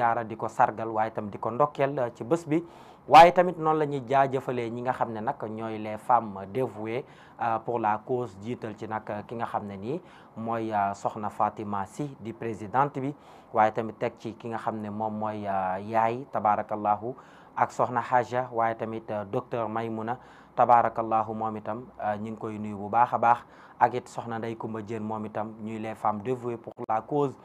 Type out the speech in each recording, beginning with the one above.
jaara di ko sargal waaye tam di ko ndokkeel uh, ci bés bi waaye tamit noonu la ñuy jaajëfalee ñi nga xam ne nag ñooy les femmes dévouées uh, pour la cause jiital ci nag uh, ki nga xam ne nii mooy soxna Fatima si di présidente bi waaye tamit teg ci ki nga xam ne moom mooy yaay tabarakallahu ak soxna Haja waaye tamit docteur Maymuna tabarakallahu moom itam ñu ngi koy nuy bu baax a baax ak it soxna Ndey Kumba Jeen moom itam ñuy les femmes dévouées pour la cause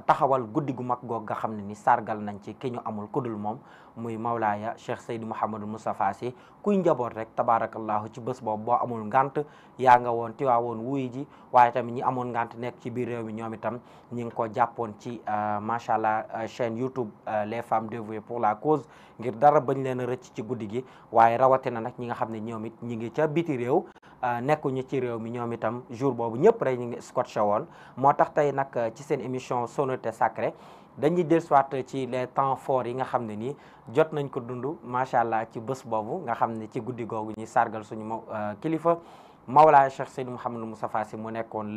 taxawal guddi gu mag goog nga xam ne ni sargal nañ ci ki ñu amul kudul moom muy ya cheikh Seydou Mouhamadou Moustapha Sy kuy njaboot rek tabaarakallaahu ci bés boobu boo amul ngant yaa nga woon tiwaa woon wuy ji waaye tamit ñi amoon ngant nekk ci biir réew mi ñoom itam ñi ngi ko jàppoon ci euh, macha allah euh, chaîne YouTube euh, les femmes dévouées pour la cause ngir bañ leen a rëcc ci guddi gi waaye rawatina nag ñi nga xam ne ñoom it ñi ngi ca biti réew Euh, nekkuñu ci réew mi ñoom itam jour boobu ñëpp rek ñu ngi scotché woon moo tax tey nag euh, ci seen émission sonorité sacrée dañuy dellusiwaat euh, ci les temps fort yi nga xam ne nii jot nañ ko dund macha allah ci bés boobu nga xam ne ci guddi googu ñuy sargal suñu kilifa Mawlaay Cheikh Seydi mu Moustapha Sy mu nekkoon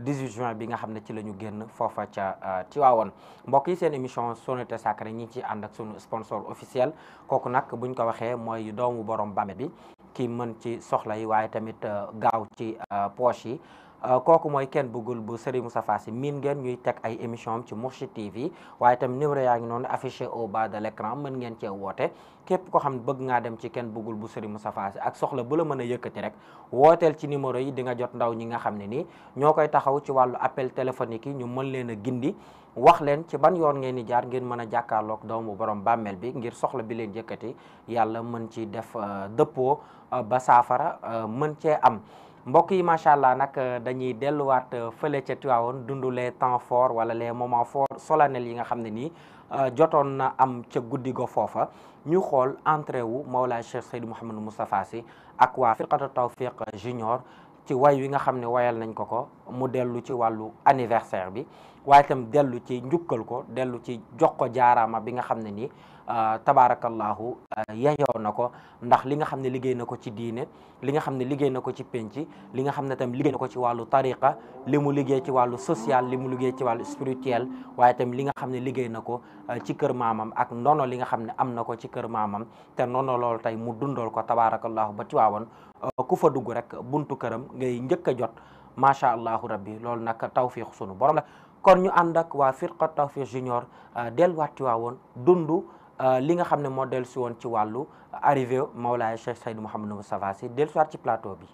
le juin bi nga xam ne ci la ñu génn foofa ca Tiwaawoon mbokk yi seen émission sonorité sacrée ñi ci ànd ak suñu sponsor officiel kooku nag buñ ko waxee mooy doomu borom bame bi kii mën ci soxla yi waaye tamit euh, gaaw ci euh, poche yi Euh, kooku mooy kenn bëggul bu Serigne Moustapha Sy miin ngeen ñuy teg ay émission am ci Mourchid TV waaye itam numéro yaa ngi noonu affiché au bas de l'écran mën ngeen cee woote képp koo xam ne bëgg ngaa dem ci kenn bëggul bu Serigne Moustapha Sy ak soxla bu la mën a yëkkati rek wooteel ci numéro yi di nga jot ndaw ñi nga xam ne nii ñoo koy taxaw ci wàllu appel téléphonique yi ñu mën leen a gindi wax leen ci ban yoon ngeen di jaar ngeen mën a jàkkaarloog doomu borom bàmmeel bi ngir soxla bi leen yëkkati yàlla mën ci def euh, dëppoo euh, ba saafara mën cee am mbokk yi macha allah nag euh, dañuy delluwaat euh, fële ca Tiwaawoon dundu les temps forts wala les moments forts solennels yi nga xam ne nii euh, jotoon na am ca guddi go foofa ñu xool entrée wu Mawlaay Cheikh Seydou Mouhamadou Moustapha Sy ak waa firqatu Tawfiq Junior ci way wi nga xam ne wayal nañ ko ko mu dellu ci wàllu anniversaire bi waaye itam dellu ci njukkal ko dellu ci jox ko jaaraama bi nga xam ne nii Ah, tabaarakallaahu ah, yeyoo na ko ndax li nga xam ne liggéey na ko ci diine li nga xam ne liggéey na ko ci penc li nga xam ne tam liggéey na ko ci wàllu tariqa li mu liggéey ci wàllu social li mu liggéey ci wàllu spirituel waaye tam li nga xam ne liggéey na ko ah, ci kër maamam ak ndono li nga xam ne am na ko ci kër maamam te ndono lool tey mu dundool ko tabaarakallaahu ba Tiwaawan ku fa dugg rek buntu këram ngay njëkk a jot macha allahu rabbi loolu nag tawfiq sunu borom la kon ñu ànd waa firqa Euh, li nga xam ne moo dellu si woon ci wàllu arrivé Mawlaaya Cheikh Seydou Mouhamadou Moustapha Sy dellu si ci plateau bi.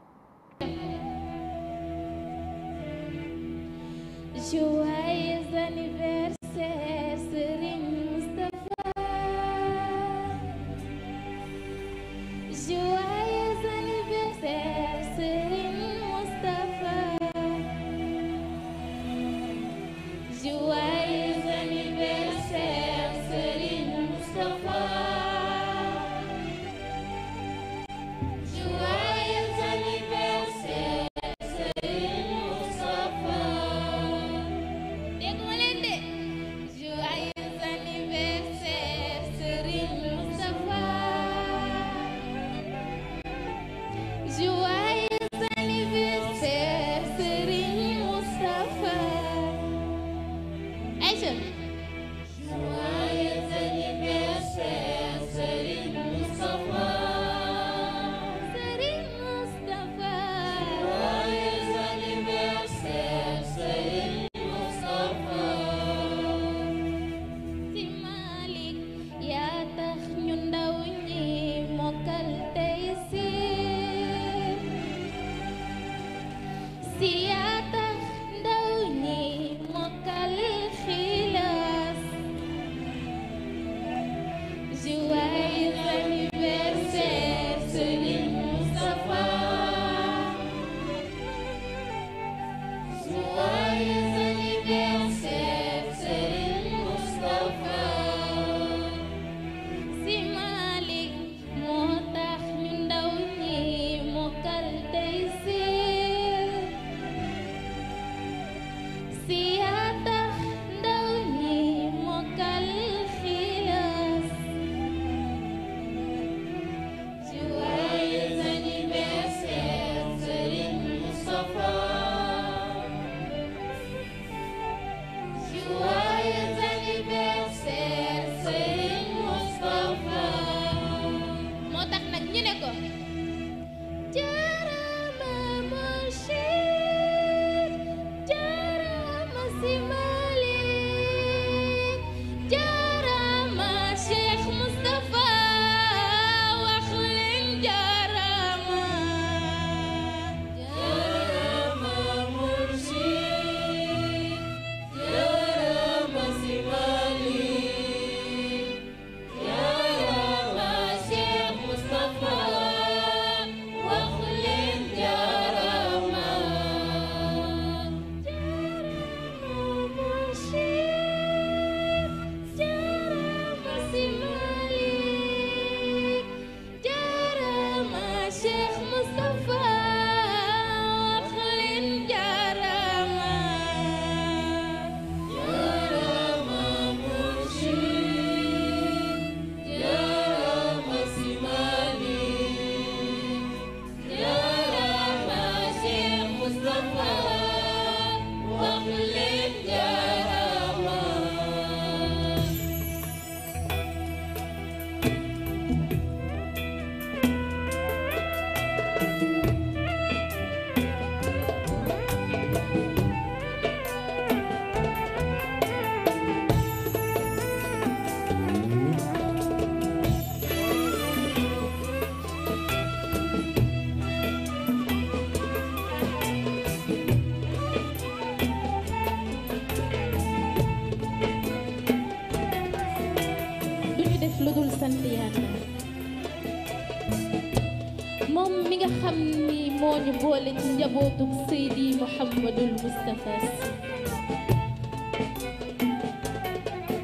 njabootuk Seydi Mouhamadul Moustapha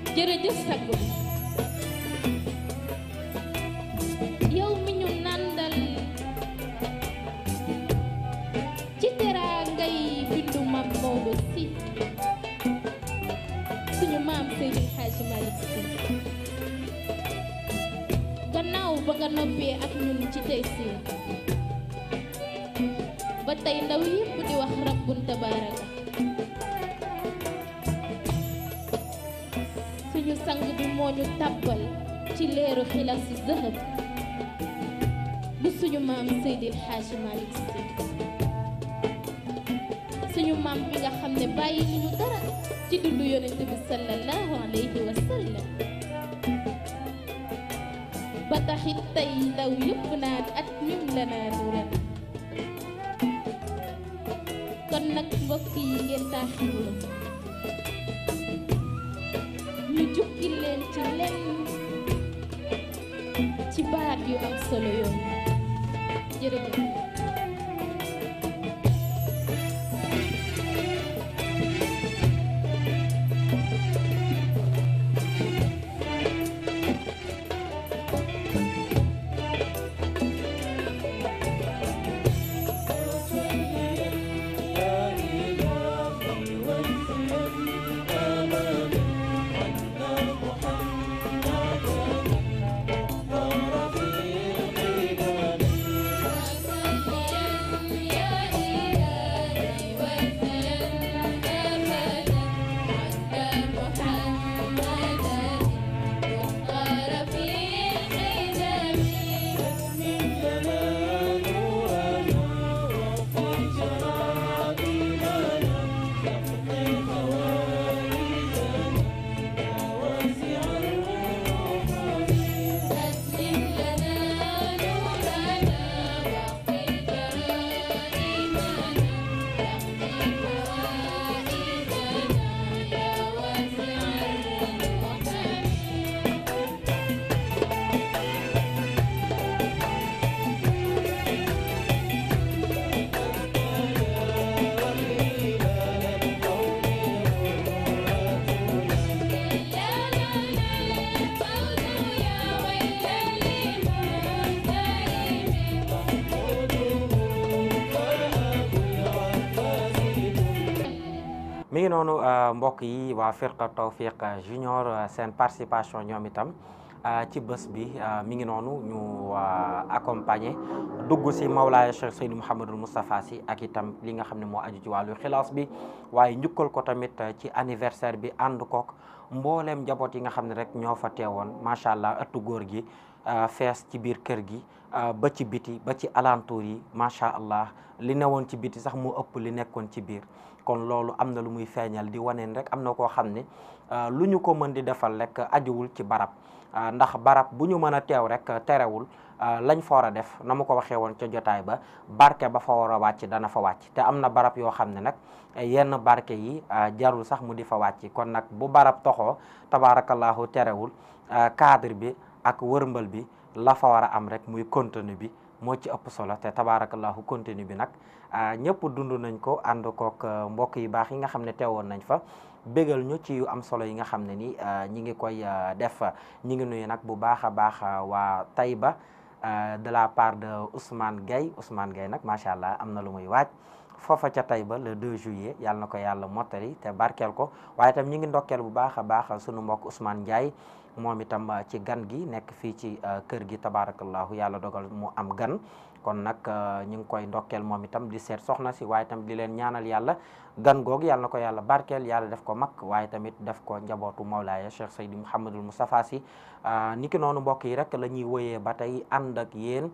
Sy jërëjëf bi yow mi ñu nàndal ci teraa ngay bindu Maam Maodo suñu maam Seydi Hadji Malick gannaaw ba nga noppee ak ñun ci tey si tey ndaw yépp di wax rabbun tabaraka suñu sang bi moo ñu tàbbal ci leeru xilasi zëhëb bu suñu maam Seydil Xaaji Si suñu maam bi nga xam ne bàyyi ñu dara ci dundu yonent bi sallallahu alayhi wa ba taxit tey ndaw yépp naan at mim la naa duran mbokk ñu jukki ci lenn ci baat yu am solo yoon noonu euh, mbokk yi waa firqa Tawfiq Junior euh, seen participation ñoom itam euh, ci bës bi mi ngi noonu ñu accompagner dugg si Mawlaaya Cheikh Seydou Mouhamadul si ak itam li nga xam ne moo aju ci wàllu xilaas bi waaye njukkal ko tamit ci anniversaire bi ànd kook mbooleem njaboot yi nga xam ne rek ñoo fa teewoon macha allah atu góor gi fees ci biir kër gi ba ci biti ba ci alentour yi macha allah li newoon ci biti sax mu ëpp li nekkoon ci biir. kon loolu am na lu muy feeñal di waneen rek am na koo xam ne euh, lu ñu ko mën di defal rekk ajuwul ci barab euh, ndax barab bu ñu mën a teew rek terewul euh, lañ fa war a def na mu ko waxee woon ca jotaay ba barke ba fa war a wàcc dana fa wàcc te am na barab yoo xam ne nag yenn barke yi jarul sax mu di fa wàcc kon nag bu barab toxoo tabaarakallaahu terewul cadre bi ak wërmbël bi la fa war a am rek muy contenu bi moo ci ëpp solo te tabaarakallaahu continue bi nag ñëpp dund nañ ko ànd kook mbokk yu baax yi nga xam ne teewoon nañ fa bégal ñu ci am solo yi nga xam ne ni ñi ngi koy def ñi ngi nuyu nag bu baax a baax waa Taïba de la part de Ousmane Gueye Ousmane Gueye nag macha allah am na lu muy waaj foofa ca Taïba ba 2 juillet yàlla na ko yàlla mottali te barkeel ko waaye itam ñu ngi ndokkeel bu baax a baax sunu mbokk Ousmane Ndiaye moom itam uh, ci gan gi nekk fii ci uh, kër gi tabaarakallahu yàlla dogal mu am gan kon nag uh, ñu ngi koy ndokkeel moom itam di seet soxna si waaye itam di leen ñaanal yàlla gan goog yàlla ko yàlla barkeel yàlla def ko mag waaye tamit def ko njabootu Mawlaaya Cheikh Seydi Mouhamadul Moustapha si niki noonu mbokk yi rek lañuy ñuy ba tey ànd ak yéen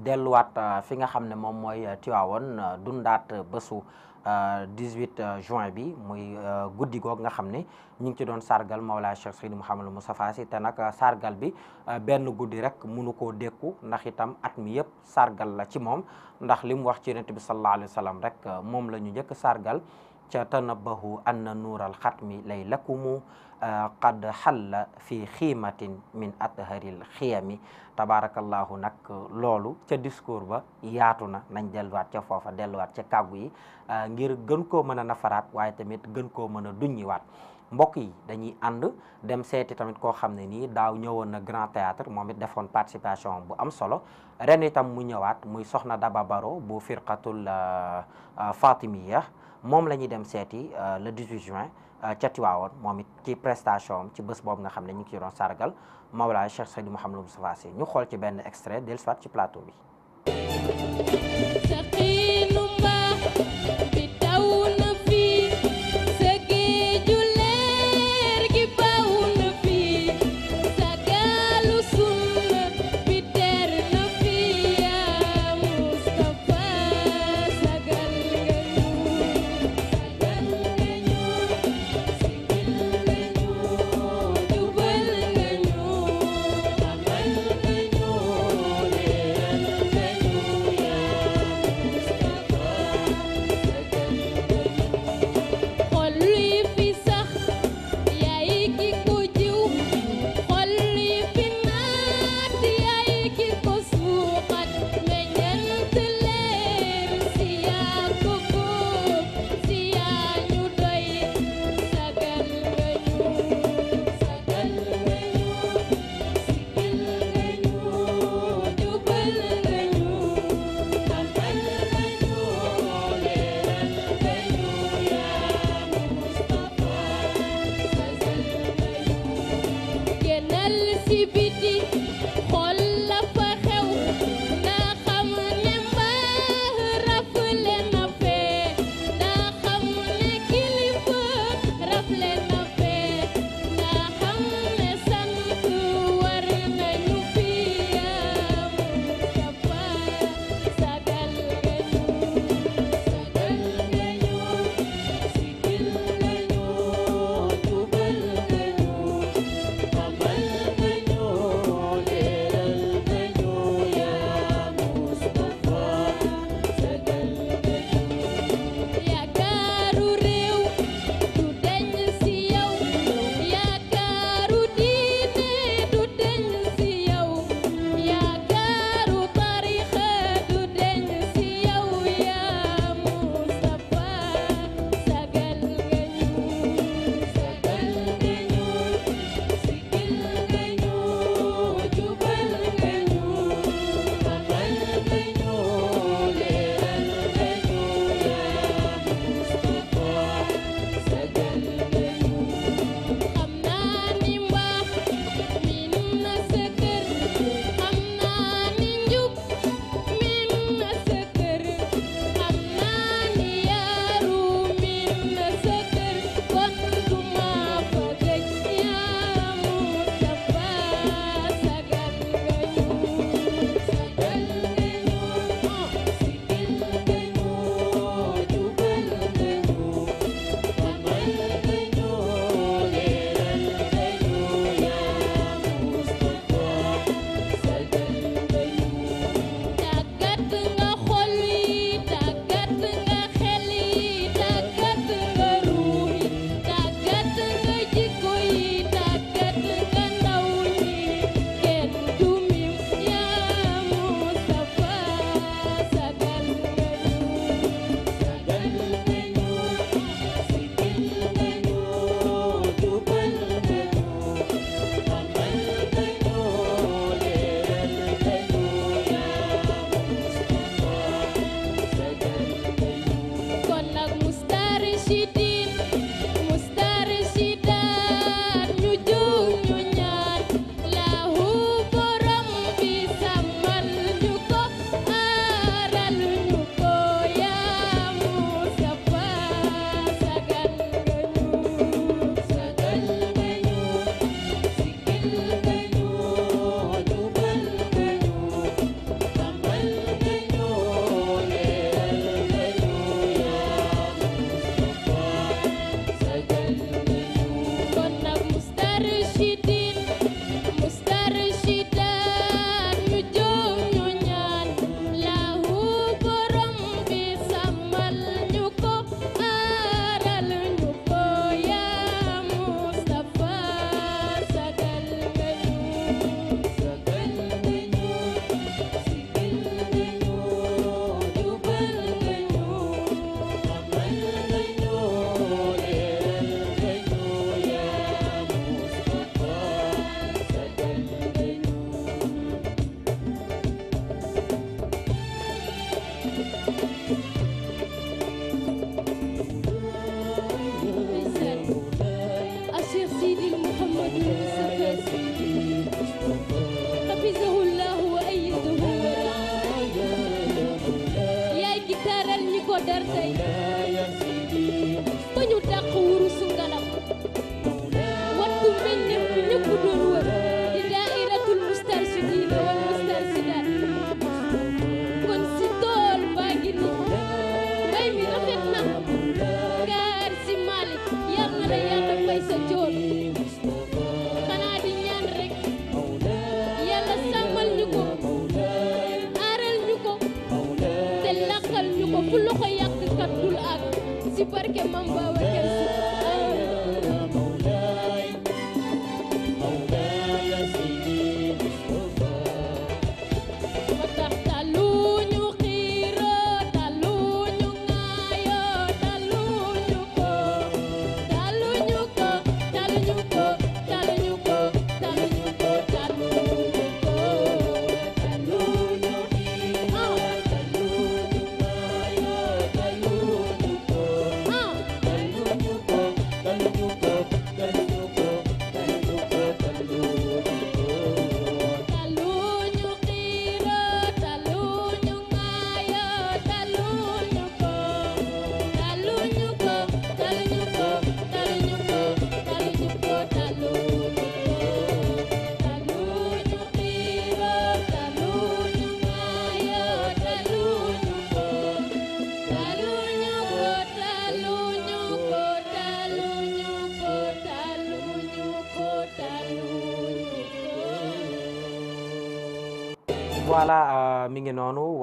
delluwaat euh, fi nga xam ne moom mooy euh, Tiwaawoon euh, dundaat bésu 18 juin bi muy guddi goog nga xam ne ñu ngi ci doon sargal ma Mawlaay Cheikh mu xam la Sy te nag sargal bi benn guddi rek mënu koo dékku ndax itam at mi yëpp sargal la ci moom ndax li mu wax ci Yonent bi sallallahu alayhi wa rek moom la ñu njëkk sargal ca tanabbahu anna nuural xatmi lay lakumu euh, qad xalla fi xiimatin min atharil xiyami tabarakallahu nag loolu ca discours ba yaatu na nañ delluwaat ca foofa delluwaat ca kàggu yi euh, ngir gën koo mën a nafaraat waaye tamit gën koo mën a duññiwaat mbokk yi dañuy ànd dem seeti tamit koo xam ne nii daaw ñëwoon na Grand Théâtre moom it defoon participation bu am solo ren itam mu ñëwaat muy soxna Daba Baro bu firqatul euh, Fatimiya moom la ñuy dem seeti euh, le 18 juin euh, ca Tiwaawoon moom it ci prestation ci bés boobu nga xam ne ñu ngi ciy doon sargal Mawlaay Cheikh Seydi Mouhamadou Moustapha Sy ñu xool ci benn extrait dellusiwaat ci plateau bi.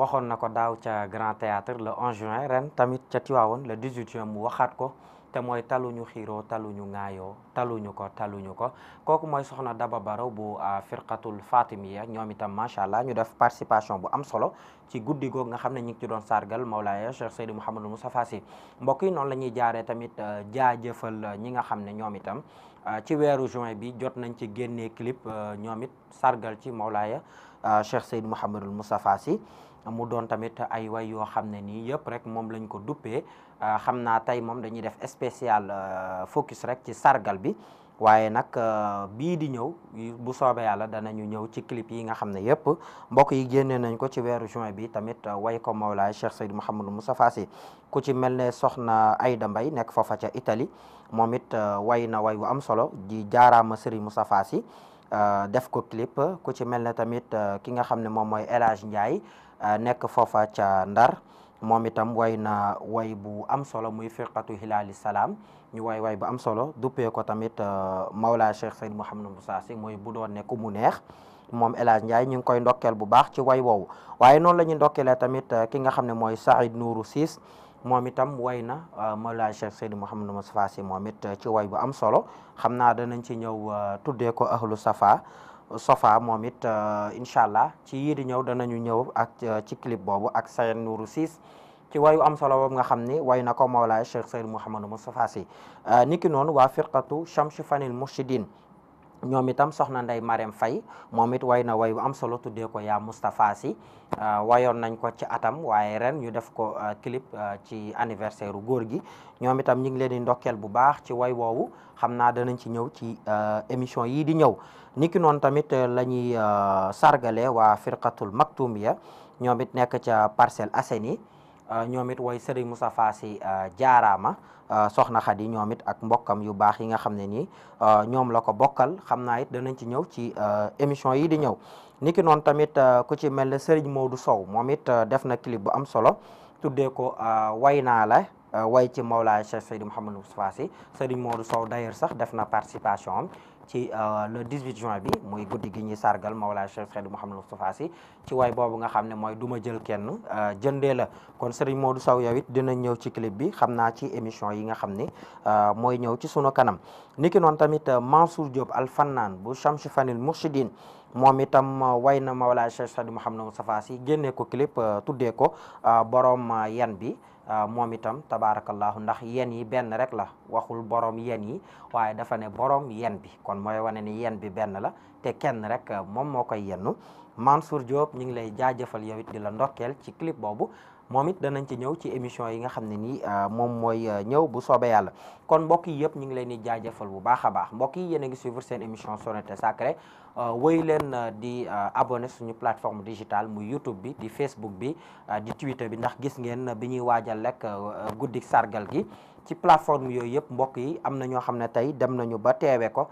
waxoon na ko daaw ca Grand Théâtre la 11 juin ren tamit ca Tiwaawoon le 18 juin mu waxaat ko te mooy taluñu ñu taluñu talu ñu ko ñu ko kooku mooy soxna Daba Baro bu ah, firqatul Fatimiyya ñoom itam macha allah ñu def participation bu am solo ci guddi googu nga xam ne ñu ngi ci doon sargal Mawlaaya Cheikh Seydi Mouhamadou Moustapha Sy mbokk yi noonu la ñuy jaaree tamit ah, jaajëfal ñi nga xam ne ñoom itam ah, ci weeru juin bi jot nañ ci génne clip ñoom it sargal ci Mawlaaya Cheikh Seydi Mouhamadou Moustapha si mu doon tamit ay way yoo xam ne nii yëpp rek moom lañ ko duppee ah, xam naa tey moom dañuy def spécial euh, focus rek ci sargal bi waaye nag euh, bii di ñëw bu soobee yàlla ñu ñëw ci clip yi nga xam ne yëpp mbokk yi génnee nañ ko ci weeru juin bi tamit euh, way ko Mawlaay Cheikh Seydou Mouhamadou Moustapha Sy ku ci mel ne soxna ayda mbay nekk foofa ca Italie moom it way na way wu am solo ji jaaraama Serigne Moustapha Sy def ko clip ku ci mel ne tamit ki nga xam ne moom mooy El Hadj Ndiaye Euh, nekk foofa ca Ndar moom itam way na way bu am solo muy firqatu hilaali salaam ñu way way bu am solo duppee ko tamit euh, Mawla Cheikh Seyd Mouhamadou Moussa Sy mooy bu doon ne mu neex moom El Hadj ñu ngi koy ndokkeel bu baax ci way woowu waaye noonu la ñuy ndokkeelee tamit euh, ki xam ne mooy Saïd Nourou Ciss moom itam way na Mawla Cheikh Seyd Mouhamadou Moussa Sy moom it ci way bu am solo xam naa danañ ci ñëw tuddee ko ahlu safa Sofa moom it euh, incha allah ci yii di ñëw danañu ñëw ak euh, ci clip boobu ak Sayen Nourou sis ci wayu am solo boobu nga xam ni way na ko Mawlaay Cheikh Seydou Mouhamadou Moustapha Sy euh, niki noonu waa firqatu Chamsu Fanil Murshidin ñoom itam soxna Ndey Marème fay moom it way na way wu am solo tuddee ko yaa Moustapha si euh, wayoon nañ ko ci atam waaye ren ñu def ko euh, clip euh, ci anniversaire u góor gi ñoom itam ñu ngi leen di ndokkeel bu baax ci way woowu xam naa danañ ci ñëw ci émission yii di ñëw niki noonu tamit la ñuy sargale waa firqatul maktumiya ñoom it nekk ca Parcelles Assainies ñoom it way Serigne Moustapha Sy jaaraama Euh, soxna Xadi ñoom it ak mbokkam yu baax yi nga xam ne nii euh, ñoom la ko bokkal xam naa it danañ ci ñëw ci euh, émission yi di ñëw niki noonu tamit ku ci mel ne Serigne Modou Sow moom it def na clip bu am solo tuddee ko way naa la way ci Mawlaay Cheikh Seydi Mouhamadou Moustapha Sy Serigne Modou Sow d'ailleurs sax def na participation am ci euh, le 18 juin bi muy guddi gi ñuy sargal Mawlaa Cheikh Seydi Mouhamadou Moustapha Sy ci way boobu nga xam ne mooy duma jël kenn euh, jënde la kon Serigne Modou Sow yow it dinañ ñëw ci clip bi xam naa ci émission yi nga xam ne euh, mooy ñëw ci sunu kanam niki noon tamit Mansour Diop Al Fannaan bu Chamsi Fanil Mourchidine moom itam way na Mawlaa Cheikh Seydi Mouhamadou Moustapha Sy génnee ko clip tuddee ko borom yan bi Euh, moom itam tabaarakallaahu ndax yen yi benn rek la waxul boroom yen yi waaye dafa ne borom yen bi kon mooy wane ni yen bi benn la te kenn rek euh, moom moo koy yennu Mansour Diop ñu ngi lay jaajëfal yow di la ndokkeel ci clip boobu moom it danañ ci ñëw ci émission yi nga xam ne nii euh, moom mooy euh, ñëw bu soobee yàlla kon mbokk yi yëpp ñu ngi leen di jaajëfal bu baax a baax mbokk yi yéen a ngi suivre seen émission Sonorités Sacrées euh, wéy leen di abone suñu plateforme digital muy YouTube bi di Facebook bi di Twitter bi ndax gis ngeen bi ñuy waajal rek guddi sargal gi ci plateforme yooyu yëpp mbokk yi am na ñoo xam ne tey dem nañu ba teewee ko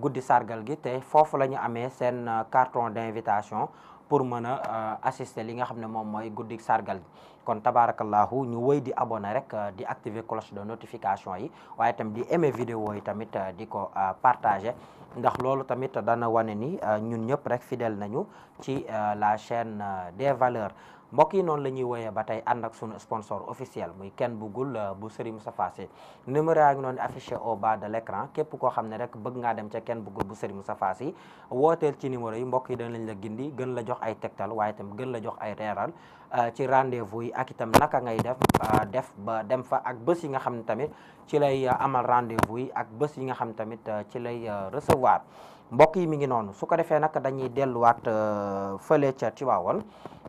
guddi sargal gi te foofu la ñu amee seen carton d'invitation pour mën a euh, assister li nga xam ne moom mooy guddik sargal gi kon tabaarakallaahu ñu wëy di abona rek euh, di activer cloche de notification yi waaye tam di aimer vidéo yi tamit euh, di ko partager ndax loolu tamit dana wane ni ñun ñëpp rek fidèle nañu ci la chaîne des valeurs mbokk yi noonu la ñuy woyee ba tey ànd ak sunu sponsor officiel muy kenn bugul euh, bu Serigne Moustapha Sy numéro yaa ngi noonu affiché au bas de l' képp koo xam ne rek bëgg ngaa dem ca kenn bugul bu Serigne Moustapha Sy wooteel ci numéro yi mbokk yi danañ la gindi gën la jox ay tegtal waaye itam gën la jox ay reeral euh, ci rendez-vous yi ak itam naka ngay def euh, def ba dem fa ak bés yi nga xam ne tamit ci lay amal rendez-vous yi ak bés yi nga xam tamit ci lay recevoir mbokk yi mi ngi noonu su ko defee nag dañuy delluwaat euh, fële ca Tiwaawoon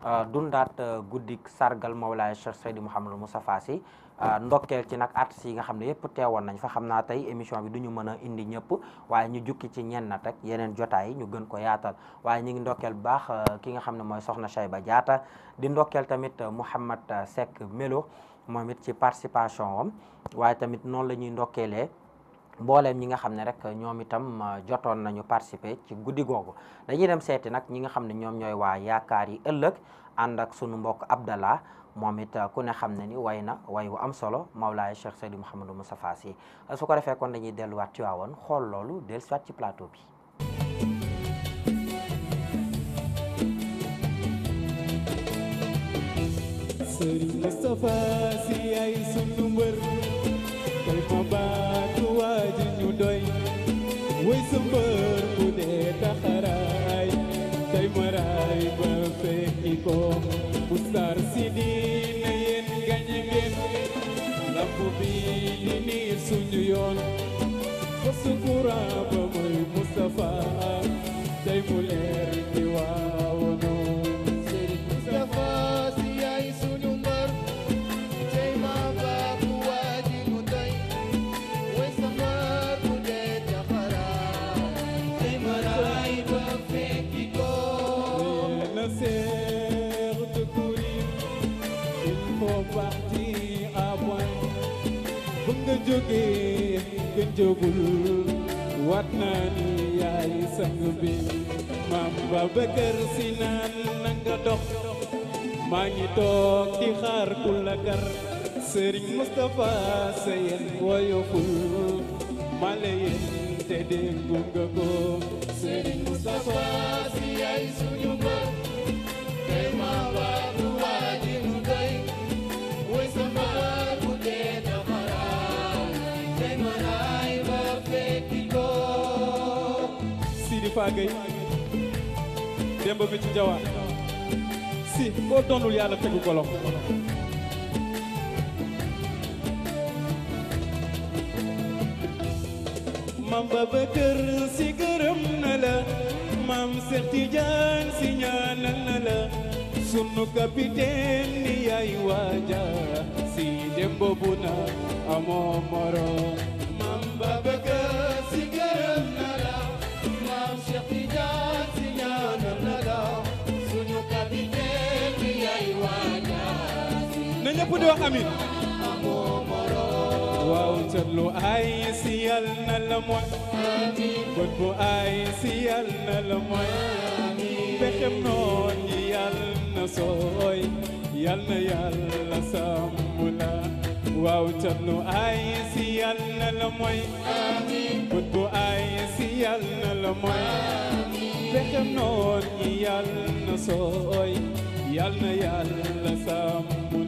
euh, dundaat euh, guddik sargal Mawlaay Cheikh Seydi Mouhamadou Moustapha Sy ndokkeel ci nag at yi nga xam ne yëpp teewoon nañ fa xam naa tey émission bi du ñu mën a indi ñëpp waaye ñu jukki ci ñenn rek yeneen jotaay ñu gën ko yaatal waaye ñu ngi ndokkeel bu baax ki nga xam ne mooy Soxna ba jaata di ndokkeel tamit Mouhamad Seck Melo moom it ci participation am waaye tamit noonu la ñuy ndokkeelee mbooleem ñi nga xam ne rek ñoom itam euh, jotoon nañu participer ci guddi googu dañuy dem seeti nag ñi nga xam ne ñoom ñooy waa yaakaar yi ëllëg ànd ak sunu mbokk Abdallah moom it euh, ku ne xam ne ni way na way wu am solo Mawlaay Cheikh Seydi Mouhamadou Moustapha si euh, su ko defee kon dañuy delluwaat ci waawoon xool loolu del dellusiwaat ci plateau bi. bu bii ni nii suñu yoon ba sukura ba muy Mustafa day mu leer jógul wat naa ni bi maam Babakar Si naan nanga dox maa ngi toog di xaar ku la kar sëriñ Mustapha sëyeen woyoful ma la yeen te déggu nga sëriñ Mustapha si yaay suñu bët Moustapha Gueye démb bi ci si gërëm na la maam Seex Tijaan Si ñaanal na la sunu capitaine ni waaja si démb na amoo moroom maam ñëpp di wax amin si yal na la mooy bët bu ay noon yi yal na sooy yal na yàlla sàmm la waaw seetlu ay si yal na la mooy bët bu ay noon yi yal na sooy yal na yàlla sàmm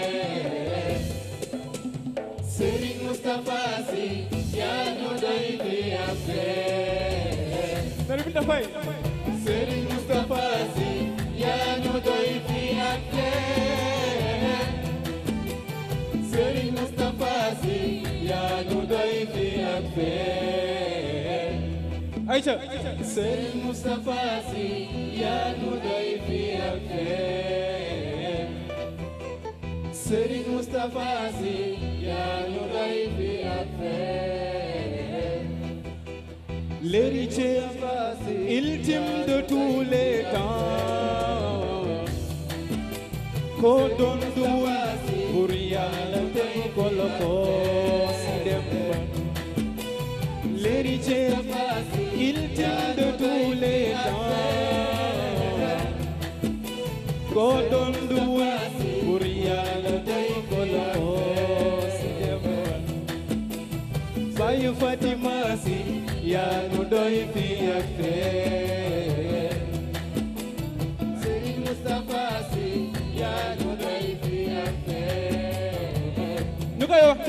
Moustapha yi Serigne yaa ñu doy fii ak leen Serigne Moustapha Sy yaa ñu doy fii ak leen Aïcha Serigne ultime koo donduwul pour tey ko la ko dem ba l'héritier ultime de tous koo donduwul pour tey ko la ko dem ba bayu yaa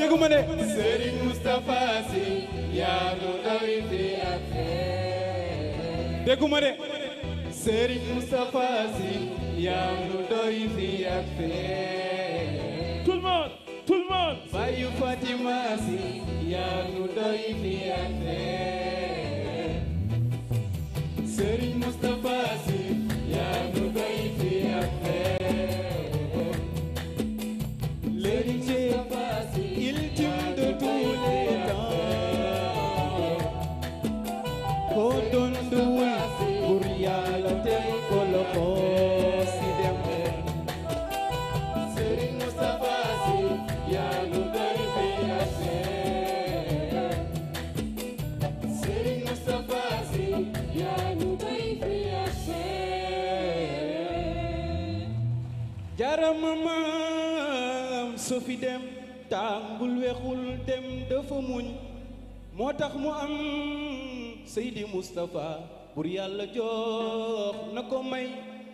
déggu ma ne Serigne Moustapha Sy yaa nu dawi fi ak ma yaa nu doy fi ak tout le monde le monde yaa nu doy dem tàngul wexul dem dafa muñ moo tax mu am Seydi Moustapha pour yàlla jox na ko may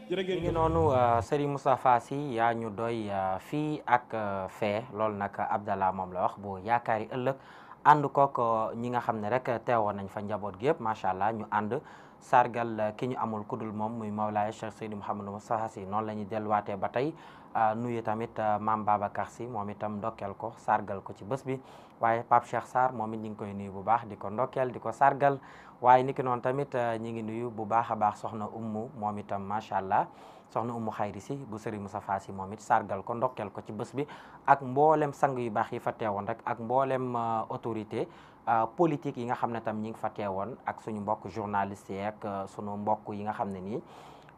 mi noonu euh, Serigne Moustapha Sy yaa ñu doy euh, fii ak euh, fee loolu nag Abdallah moom la wax bu yaakaari ëllëg ànd kook ñi nga xam ne rek teewoon nañ fa njaboot gi yëpp macha allah ñu ànd sargal euh, ki ñu amul kudul moom muy Mawlaaya Cheikh Seydi Mouhamadou Moustapha Sy noonu lañuy ñuy delluwaatee ba tey euh, nuyu tamit euh, maam Babacar si moom itam ndokkeel ko sargal ko ci bës bi waaye Pape Cheikh Sarr moom it ñu ngi koy nuyu bu baax di ko ndokkeel di ko sargal waaye niki noonu tamit ñi ngi nuyu bu baax a baax soxna Ummu moom itam macha allah soxna Ummu Xayri si bu Serigne Moustapha Sy moom it sargal ko ndokkeel ko ci bës bi ak mboolem sang yu baax yi fa teewoon rek ak mboolem autorité Euh, politique yi nga xam ne tam ñi ngi fa teewoon ak suñu mbokk journaliste yi ak euh, suñu mbokk yi nga xam ne nii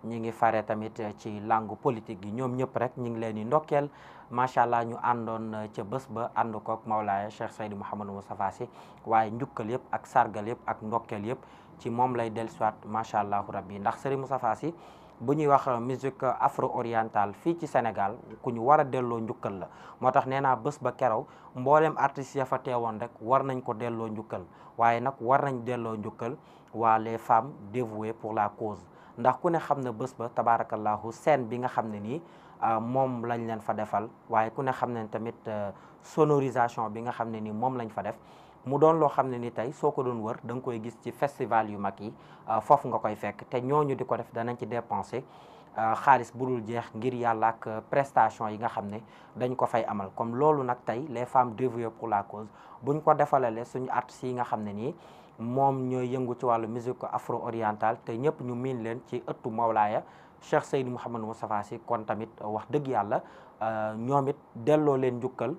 ñi ngi fare tamit euh, ci langue politique yi ñoom ñëpp rek ñi ngi leen di ndokkeel macha allah ñu àndoon ca bés ba ànd koog Mawlaaya Cheikh Seydi Mouhamadou Moustapha Sy waaye njukkal yëpp ak sargal yëpp ak ndokkeel yëpp ci moom lay dellusiwaat macha allah yi ndax Sëriñ Moustapha Sy bu ñuy wax musique afro orientale fii ci Sénégal ku ñu war a delloo njukkal la moo tax nee naa bés ba keroog mboolem artistes ya fa teewoon rek war nañ ko delloo njukkal waaye nag war nañ delloo njukkal waa les femmes dévouées pour la cause ndax ku ne xam ne bés ba tabaarakallahu scène bi nga xam ne nii euh, moom lañ leen fa defal waaye ku ne xam ne tamit euh, sonorisation bi nga xam ne nii moom lañ fa def mu doon loo xam ne ni tey soo ko doon wër danga koy gis ci festival yu mag yi euh, foofu nga koy fekk te ñooñu di ko def danañ ci dépenser euh, xaalis bu dul jeex ngir yàlla ak euh, prestation yi nga xam ne dañ ko fay amal comme loolu nag tey les femmes dévouées pour la cause ñu ko defalalee suñu artistes yi nga xam ne nii moom ñooy yëngu ci wàllu musique afro orientale te ñëpp ñu miin leen ci ëttu Mawlaaya Cheikh Seydou Mouhamadou Moustapha Sy kon tamit wax dëgg yàlla ñoom it delloo leen njukkal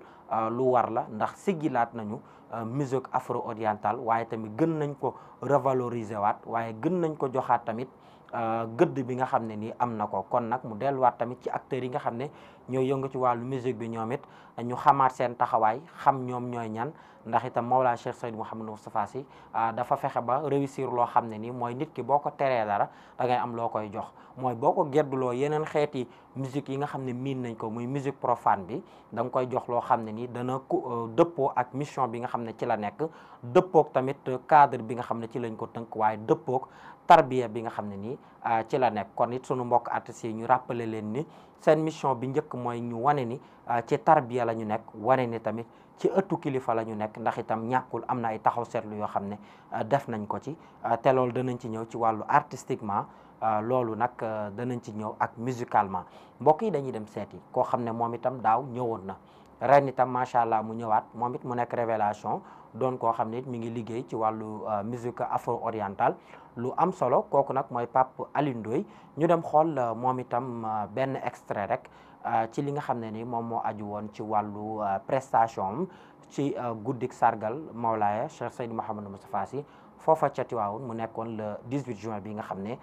lu war la ndax siggilaat nañu Euh, musique afro orientale waaye tamit gën nañ ko revaloriser waat waaye gën nañ ko joxaat tamit Euh, gëdd bi nga xam ne nii am na ko kon nag mu delluwaat tamit ci acteur yi nga xam ne ñoo yëngu ci wàllu musique bi ñoom it ñu xamaat seen taxawaay xam ñoom ñooy ñan ndax itam Mawlaa Cheikh Seydou Mouhamadou Moustapha Sy euh, dafa fexe ba réussir loo xam ne nii mooy nit ki boo ko teree dara da am loo koy jox mooy boo gedduloo yeneen xeeti musique yi nga xam ne miin nañ ko muy musique profane bi danga koy jox loo xam ne nii dana euh, dëppoo ak mission bi nga xam ne ci la nekk dëppook tamit cadre bi nga xam ne ci lañ ko tënk waaye dëppook tarbiya bi nga xam ne nii ah, ci la nekk kon it sunu mbokk artistes yi ñu rappeler leen ni seen mission bi njëkk mooy ñu wane ni ah, ci tarbiya la ñu nekk wane ni tamit ci ëttu kilifa la ñu nekk ndax itam ñàkkul am na ay taxaw seetlu yoo xam ne ah, def nañ ko ci te loolu danañ ci ñëw ci wàllu artistiquement loolu nag danañ ci ñëw ak musicalement mbokk yi dañuy dem seeti koo xam ne moom itam daaw ñëwoon na ren mu ñëwaat moom it mu nekk révélation doon koo xam ne it ngi liggéey ci wàllu musique afro lu am solo kooku nag mooy papp alindooy ñu dem xool euh, moom itam euh, benn extrait rek euh, ci li nga xam ne ni moom moo aju woon ci wàllu prestation ci guddik sargal Mawlaaya Cheikh Seydou Mouhamadou Moustapha si foofa ca mu nekkoon le juin bi nga xam ne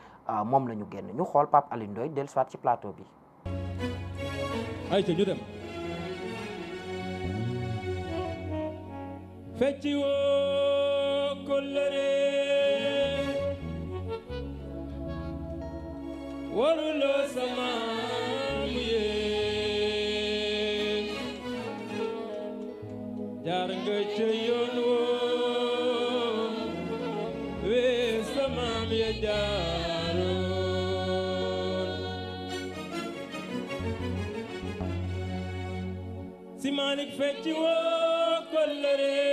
moom la ñu génn ñu xool Pape alindooy del dellu siwaat ci plateau bi. fecci woo ko lëre waruloo sama mu jaar nga ca yoon wee sama mu jaaroon si Malick fecci woo kollëre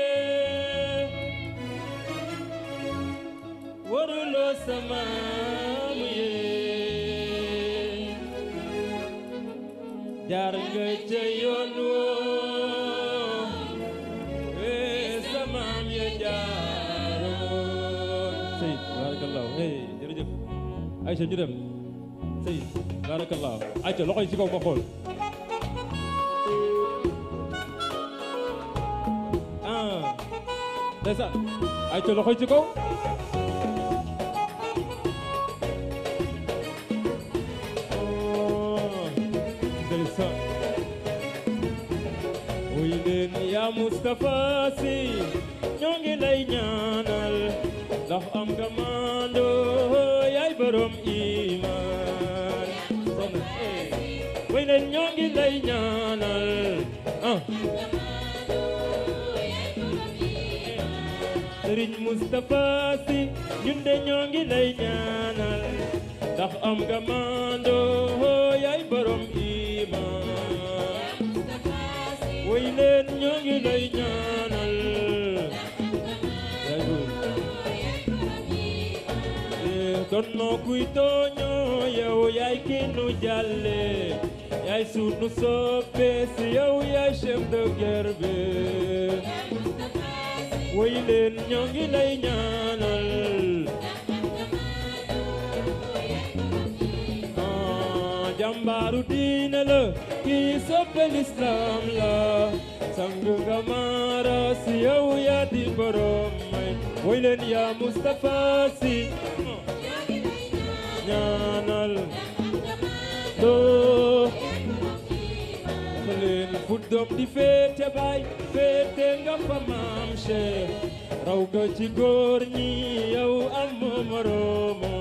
waruloo ayca ñu dem sëy barakallah ayca loxo yi ci kaw nga xool ah ndeysaan ayca loxo yi ci kaw ndeysaan oh, wuy leen yaa Moustapha Sy ñoo ngi lay ñaanal ndax am nga maa lay ñaanal ah sëriñ Moustapha Sy ñun de ñoo ngi lay ñaanal ndax am nga mando yaay borom iman ñoo ngi lay ñaanal kon eh, noo kuy tooñoo yow yaay ki nu jàlle yaay sunu soppe si yow yaay chef de guerre woy leen ñoo ngi lay ñaanal ah, jàmbaaru diine la kii soppe l'islam la sang gamara si yow yaa di borom may woy leen yaa Mustafa si ñaanal doo ku doom di féete baay féete nga fa maam Cheikh raw nga ci góor ñi yow am moroomo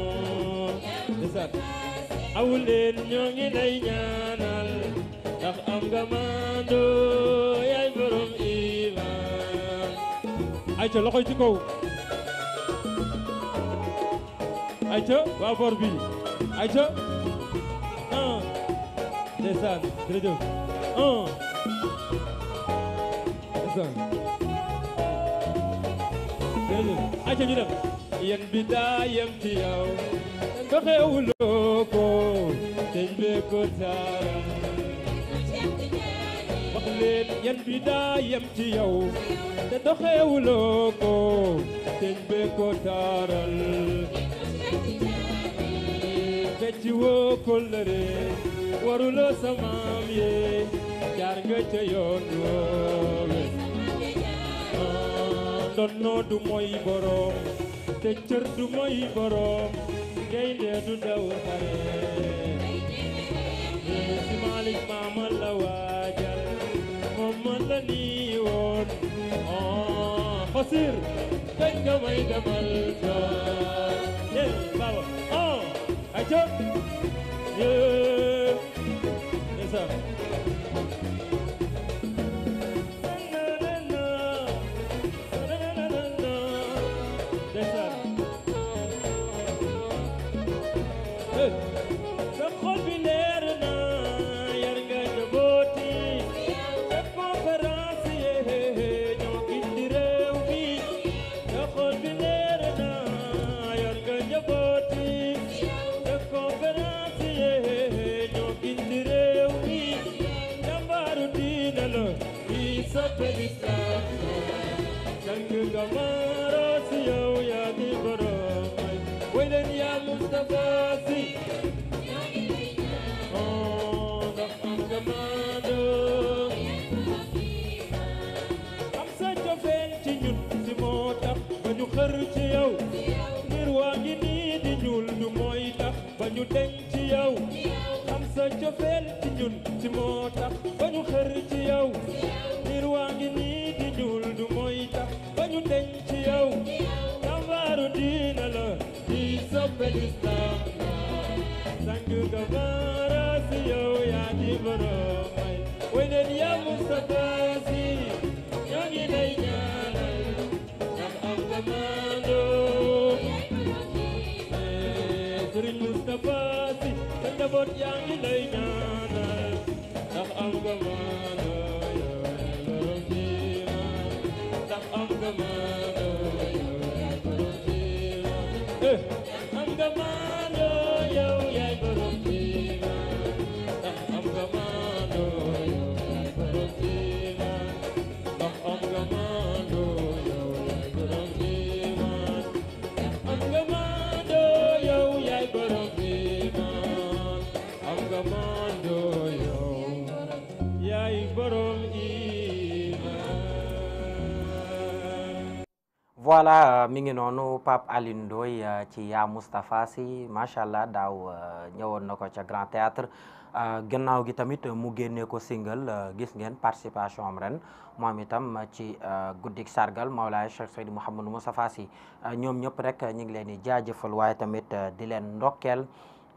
ndeysaan aw leen ñoo ngi lay ñaanal ndax am nga maando yaay borom iman ayca loxo ci kaw ayca waa bor bi ayca ah ndeysaan jërëjëf ah cosaan jërëjëf ayca bi daa yem ci yow doxewuloo ko teñ bee teñ bee ko taaral fecci woo kóllëre waruloo sa maam yee jaar nga ca yoon donnoo du mooy boroom te cër du mooy boroom gaynde du daw xare si Malick maama la waajal moom ma la nii woon ah xasir kañ nga may demal ka yéen baba ah ayca yéen ci yow xam sa cofeel ci ñun ci moo tax ba ñu xër ci yow Hey, I'm the man. voilà mi ngi noonu Pape Alioune Ndoye euh, ci yaa Moustapha si macha allah daaw euh, ñëwoon na ko ca Grand Théâtre euh, gannaaw gi tamit mu génne ko single gis ngeen participation am ren moom itam ci guddik sargal Mawlaay Cheikh Seydi Mouhamadou Moustapha si ñoom ñëpp rek ñu ngi leen di jaajëfal waaye tamit di leen ndokkeel.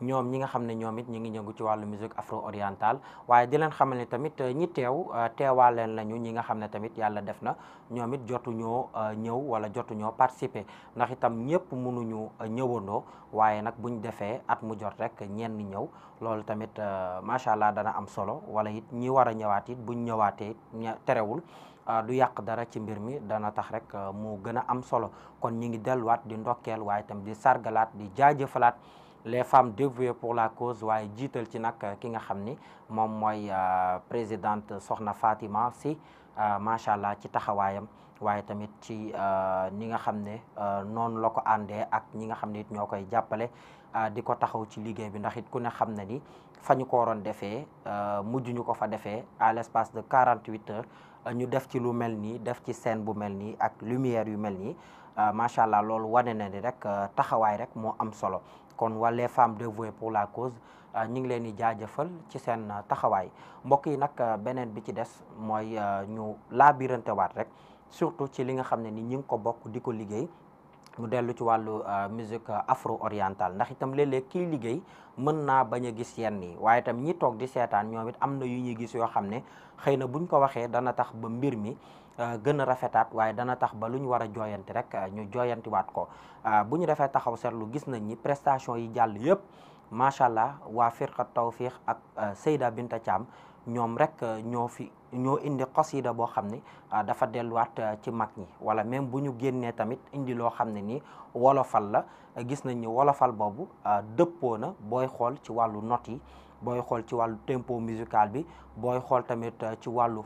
ñoom ñi nga xam ne ñoom it ñu ngi yëngu ci wàllu musique afro waaye di leen xamal tamit ñi teew euh, teewaa leen lañu ñi nga xam ne tamit yàlla def na ñoom it jotuñoo euh, ñëw wala jotuñoo participer ndax itam ñëpp mënuñu euh, ñëwandoo waaye nag buñ defee at mu jot rek ñenn ñëw loolu tamit macha allah dana am solo wala it ñi war a ñëwaat it buñ ñëwaatee terewul du yàq dara ci mbir mi dana tax rek mu gën a am solo kon ñi ngi delluwaat di ndokkeel waaye itam di sargalaat di jaajëfalaat les femmes dévouées pour la cause waaye jiital ci nag euh, ki nga xam ni moom mooy euh, présidente Soxna Fatima si euh, macha allah ci taxawaayam waaye tamit ci ñi nga xam ne noonu la ko àndee ak ñi nga xam ne it ñoo koy jàppale di ko taxaw ci liggéey bi ndax it ku ne xam na ni fa ñu ko defee mujj ñu ko fa defee à l'espace de 48 heures ñu def ci lu mel ni def ci seen bu mel ni ak lumière yu mel nii macha allah loolu wane na ni rek taxawaay rek moo am solo. kon wala femmes dévouées pour la cause euh, ñu ngi leen di jaajëfal ci seen euh, taxawaay mbokk yi nag euh, beneen bi ci des mooy ñu laabirantewaat rek surtout ci li nga xam ne ni ñu ngi ko bokk di ko liggéey mu dellu ci wàllu musique afro orientale ndax itam léeg-léeg liggéey mën naa bañ a gis yenn yi waaye itam ñi toog di seetaan ñoom it am na yu ñuy gis yoo xam ne xëy na buñ ko waxee dana tax ba mbir mi Euh, gën a rafetaat waaye dana tax ba lu ñu war a jooyanti rek euh, ñu jooyantiwaat ko euh, bu ñu defee taxaw seetlu gis nañ ni prestation yi jàll yëpp macha allah waa firqa tawfiix ak Seyda Binta Thiam ñoom rek ñoo fi ñoo indi xasida boo xam ne dafa delluwaat ci mag ñi wala même bu ñu génnee tamit indi loo xam ne ni wolofal la gis nañ ni wolofal boobu dëppoo na booy xool ci wàllu not yi booy xool ci wàllu tempo musical bi booy xool tamit euh, ci wàllu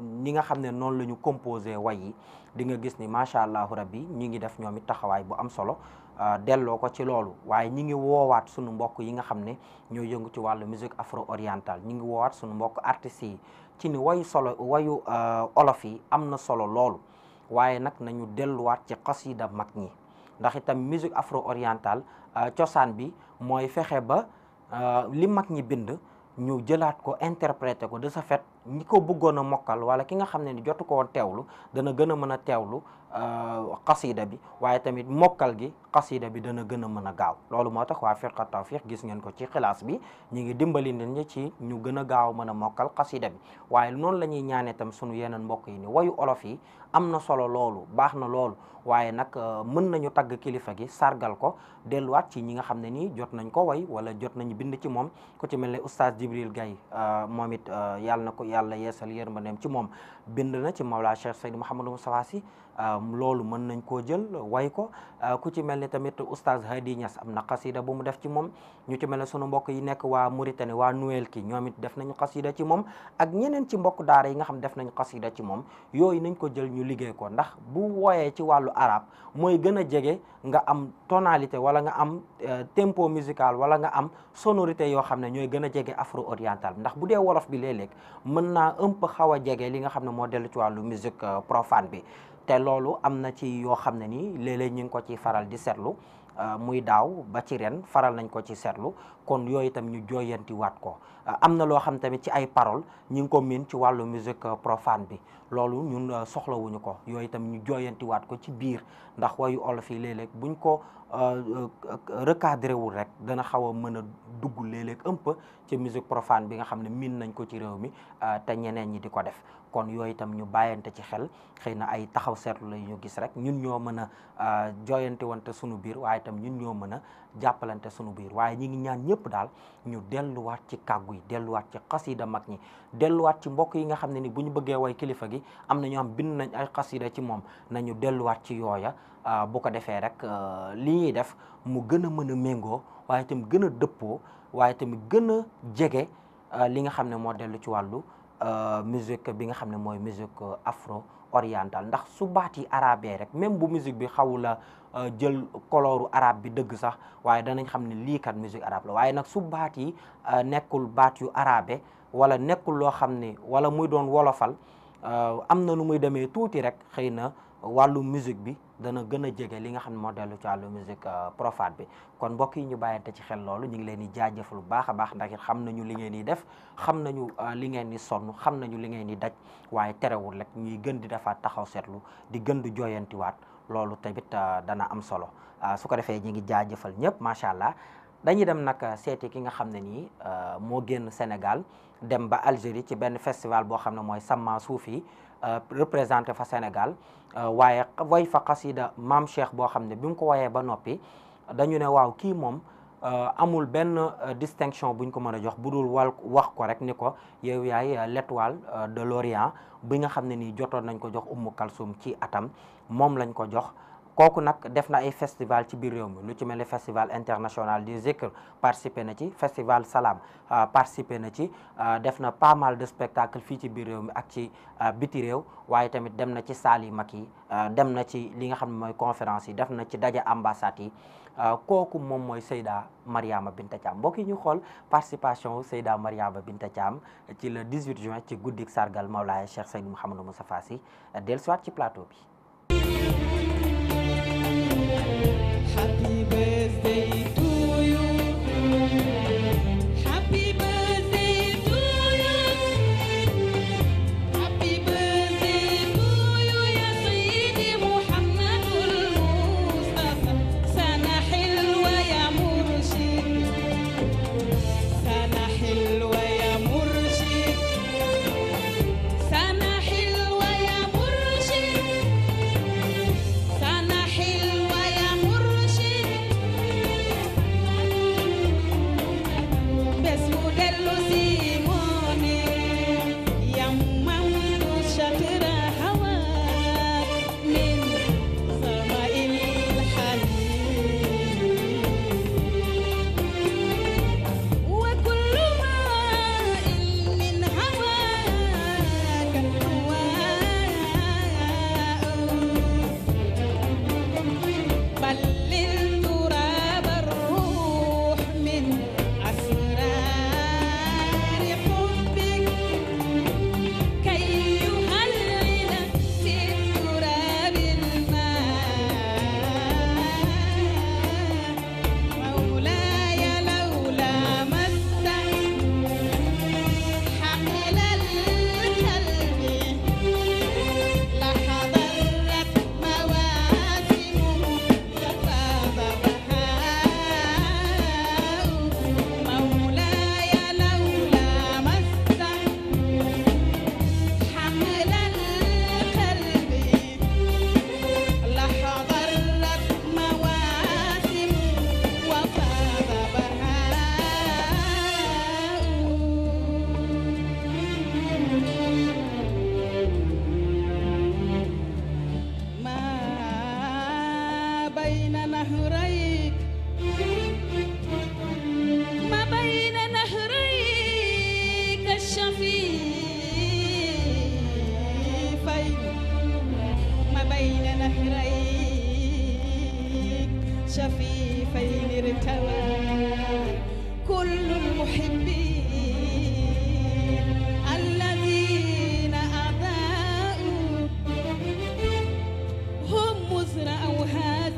ñi euh, nga xam ne noonu la ñu composé way yi di nga gis ni macha allahu rabbi ñi ngi def ñoom it taxawaay bu am solo euh, delloo ko ci loolu waaye ñi ngi woowaat sunu mbokk yi nga xam ne ñoo yëngu ci wàllu musique afro orientale ñi ngi woowaat sunu mbokk artistes yi ci ni wayu solo wayu olof yi am na solo loolu waaye nag nañu delluwaat ci xasida mag ñi ndax itam musique afro oriental cosaan bi mooy fexe ba Euh, li mag ñi bind ñu jëlaat ko interpréter ko de ce fait ñi ko bëggoon a mokkal wala ki nga xam ne ni jotu ko teewlu dana gën a mën a teewlu euh, xasida bi waaye tamit mokkal gi xasida bi dana gën a mën a gaaw loolu moo tax waa firqa tawfiq gis ngeen ko ci xilaas bi ñu ngi dimbali nit ñi ci ñu gën a gaaw mën a mokkal xasida bi waaye noonu la ñuy ñaanee tam sunu yeneen mbokk yi ni wayu olof yi am na solo loolu baax na loolu waaye nag euh, mën nañu tagg kilifa gi sargal ko delluwaat ci ñi nga xam ne nii jot nañ ko way wala jot nañu bind ci moom ku ci mel ne oustaz Jibril euh, moom it yàlla na ko yàlla yeesal yërmandeem ci moom bind na ci Mawlaa Cheikh Seydi Mouhamadou Moustapha Sy loolu mën nañ koo jël way ko ah, ku ci mel ni tamit oustaz Hadi Niass am na xasida bu mu def ci moom ñu ci mel ne sunu mbokk yi nekk waa Mauritanie waa Noël ki ñoom it def nañu xasida ci moom ak ñeneen ci mbokk daara yi nga xam def nañu xasida ci moom yooyu nañ ko jël ñu liggéey ko ndax bu wooyee ci wàllu araab mooy gën a jege nga am tonalité wala nga am eh, tempo musical wala nga am sonorité yoo xam ne ñooy gën a jege afro oriental ndax bu dee wolof bi léeg-léeg mën naa ëmp peu a jege li nga xam ne moo dellu ci wàllu musique eh, profane bi te loolu am na ci yoo xam ne nii léeg-léeg ñu ngi ko ci faral di seetlu euh, muy daaw ba ci ren faral nañ ko ci seetlu kon yooyu itam ñu jooyanti waat ko euh, am na loo xam tamit ci ay parole ñu ngi ko miin ci wàllu musique euh, profane bi loolu ñun soxlawuñu ko yooyu itam ñu jooyanti waat ko ci biir ndax wayu olof yi léeg-léeg buñ ko Euh, recadré wul rek dana xaw a mën a dugg léeg-léeg un peu ci musique profane bi nga xam ne miin nañ ko ci réew mi euh, te ñeneen ñi di ko def kon yooyu itam ñu bàyyante ci xel xëy na ay taxaw seetlu la ñu gis rek ñun ñoo mën a euh, jooyante wante sunu biir waaye itam ñun ñoo mën a jàppalante sunu biir waaye ñi ngi ñaan ñëpp daal ñu delluwaat ci kàggu yi delluwaat ci xasida mag ñi delluwaat ci mbokk yi nga xam ne ni bu ñu bëggee woy kilifa gi am na ñoo am bind nañ ay xasida ci moom na ñu delluwaat ci yooya Euh, bu ko defee rek euh, li ñuy def mu gën a mën a méngoo waaye itam gën a dëppoo waaye tamit gën a jege euh, li nga xam ne moo dellu ci wàllu musique bi nga xam ne mooy musique afro oriental ndax su baat yi arabee rek même bu musique bi xawula jël kolooru arabe bi dëgg sax waaye danañ xam ne lii kat musique arabe waaye nag su baat yi nekkul baat yu arabe wala nekkul loo xam ne wala muy doon wolofal am na nu muy demee tuuti rek xëy na wàllu musique bi dana gën a jege li nga xam ne moo dellu ci wàllu musique euh, profane bi kon mbokk yi ñu bàyyante ci xel loolu ñu ngi leen di jaajëfal bu baax a baax ndax it xam nañu li ngeen di def xam nañu euh, li ngeen di sonn xam nañu li ngeen di daj waaye terewul rek ñuy gën di defaat taxaw seetlu di gën di jooyantiwaat loolu tamit euh, dana am solo su ko defee ñu ngi jaajëfal ñëpp macha allah dañuy dem nag seeti ki nga xam ne nii moo génn Sénégal dem ba Algérie ci benn festival boo xam ne mooy Samma Soufi Euh, représenté fa Sénégal euh, waaye way fa xasida maam Cheikh boo xam ne bi mu ko woyee ba noppi dañu ne waaw kii moom euh, amul benn distinction buñ ko mën a jox bu dul wal wax ko rek ni ko yow yaay l'étoile de l'Orient bi nga xam ne nii jotoon nañ ko jox Umm Kalsum ci atam moom lañ ko jox kooku nag def na ay festival ci biir réew mi lu ci mel ne festival international du zikr participé na ci festival salam euh, participé na ci euh, def na pas mal de spectacle fii ci biir réew mi ak ci euh, biti réew waaye tamit dem na ci saal mag yi dem na ci li nga xam ne mooy conférence yi def na ci daje ambassade yi kooku moom mooy Seyda Mariama Binta Thiam mbokk yi ñu xool participation wu Seyda Mariama Binta Thiam ci le 18 juin ci guddik sargal Mawlaaya Cheikh Seydou Mouhamadou Moustapha Sy dellusiwaat ci plateau bi Happy birthday.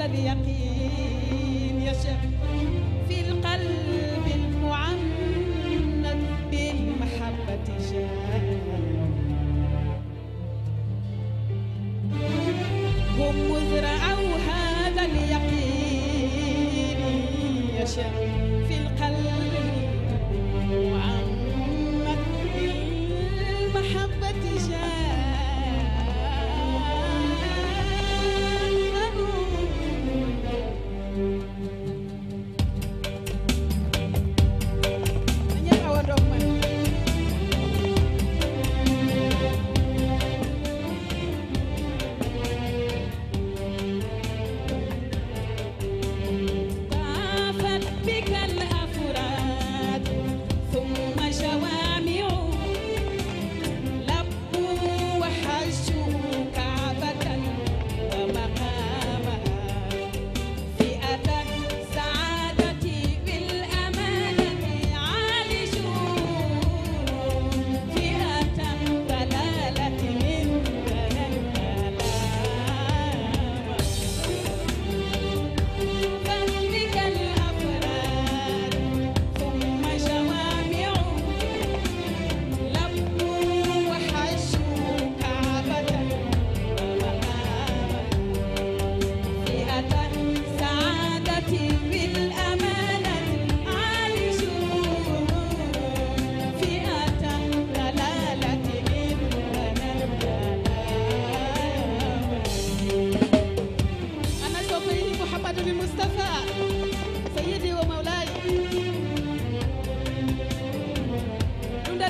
فاليقين يشع في القلب المعنت بالمحبة جاء هم مزرعوا هذا اليقين يشع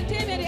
TV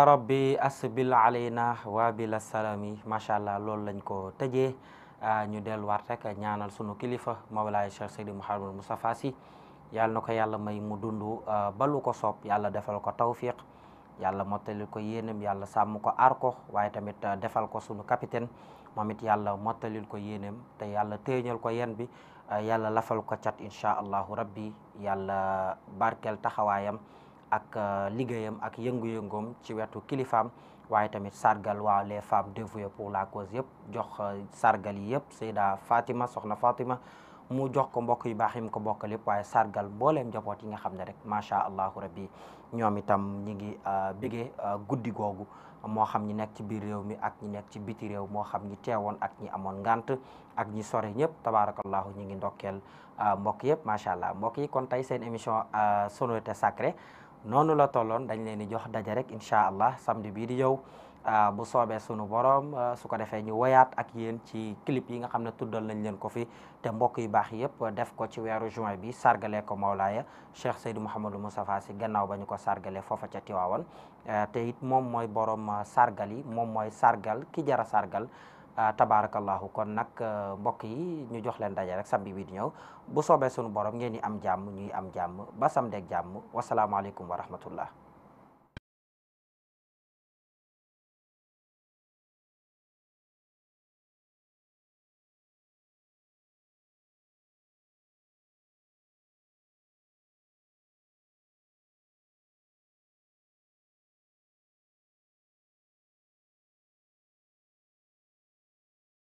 yaa rabbi asbil alayna waa bila salami macha allah loolu lañ ko tëjee ah, ñu delluwaat rek ñaanal sunu kilifa mawlaay cheikh seydi mouhamadul moustapha si yàlla na ko yàlla may mu dund ah, balu ko soob yàlla defal ko tawfiq yàlla mottali ko yéenem yàlla sàmm ko aar ko waaye tamit ah, defal ko sunu capitaine moom it yàlla mottalil ko yéenem te yàlla téeñal ko yen bi yàlla lafal ko cat incha allahu rabbi yàlla barkel taxawaayam ak euh, liggéeyam ak yëngu-yëngoom ci wetu kilifaam waaye tamit sargal waa les femmes dévouées pour la cause yëpp jox euh, sargal yi yëpp Seyda Fatima soxna Fatima mu jox ko mbokk yi baax yi ko bokkal yëpp waaye sargal mbooleem njaboot yi nga xam ne rek macha allahu rabbi ñoom itam ñi ngi euh, bigee guddi googu moo xam ñi nekk ci biir réew mi ak ñi nekk ci biti réew moo xam ñi teewoon ak ñi amoon ngant ak ñi sore ñëpp tabaarakallahu ñi ngi ndokkeel mbokk yëpp macha allah mbokk yi kon tey seen émission sonorité sacrée noonu la tolloon dañ leen di jox daje rek incha allah samedi bii di yow ah, bu soobee sunu borom ah, su ko defee ñu woyaat ak yéen ci clip yi nga xam ne tuddal nañ leen ko fi te mbokk yu baax yépp def ko ci weeru juin bi sargale ko Mawlaaya Cheikh Seydou Mouhamadou Moustapha si gannaaw ba ñu ko sargale foofa ca Tiwaawan ah, te it moom mooy borom sargal yi moom mooy sargal ki jara sargal Ah, tabaarakallaahu kon nag euh, mbokk yi ñu jox leen daje rek samedi bi di ñëw bu soobee sunu borom ngeen di am jàmm ñuy am jàmm ba samedi ak jàmm wasalaamaaleykum wa rahmatullah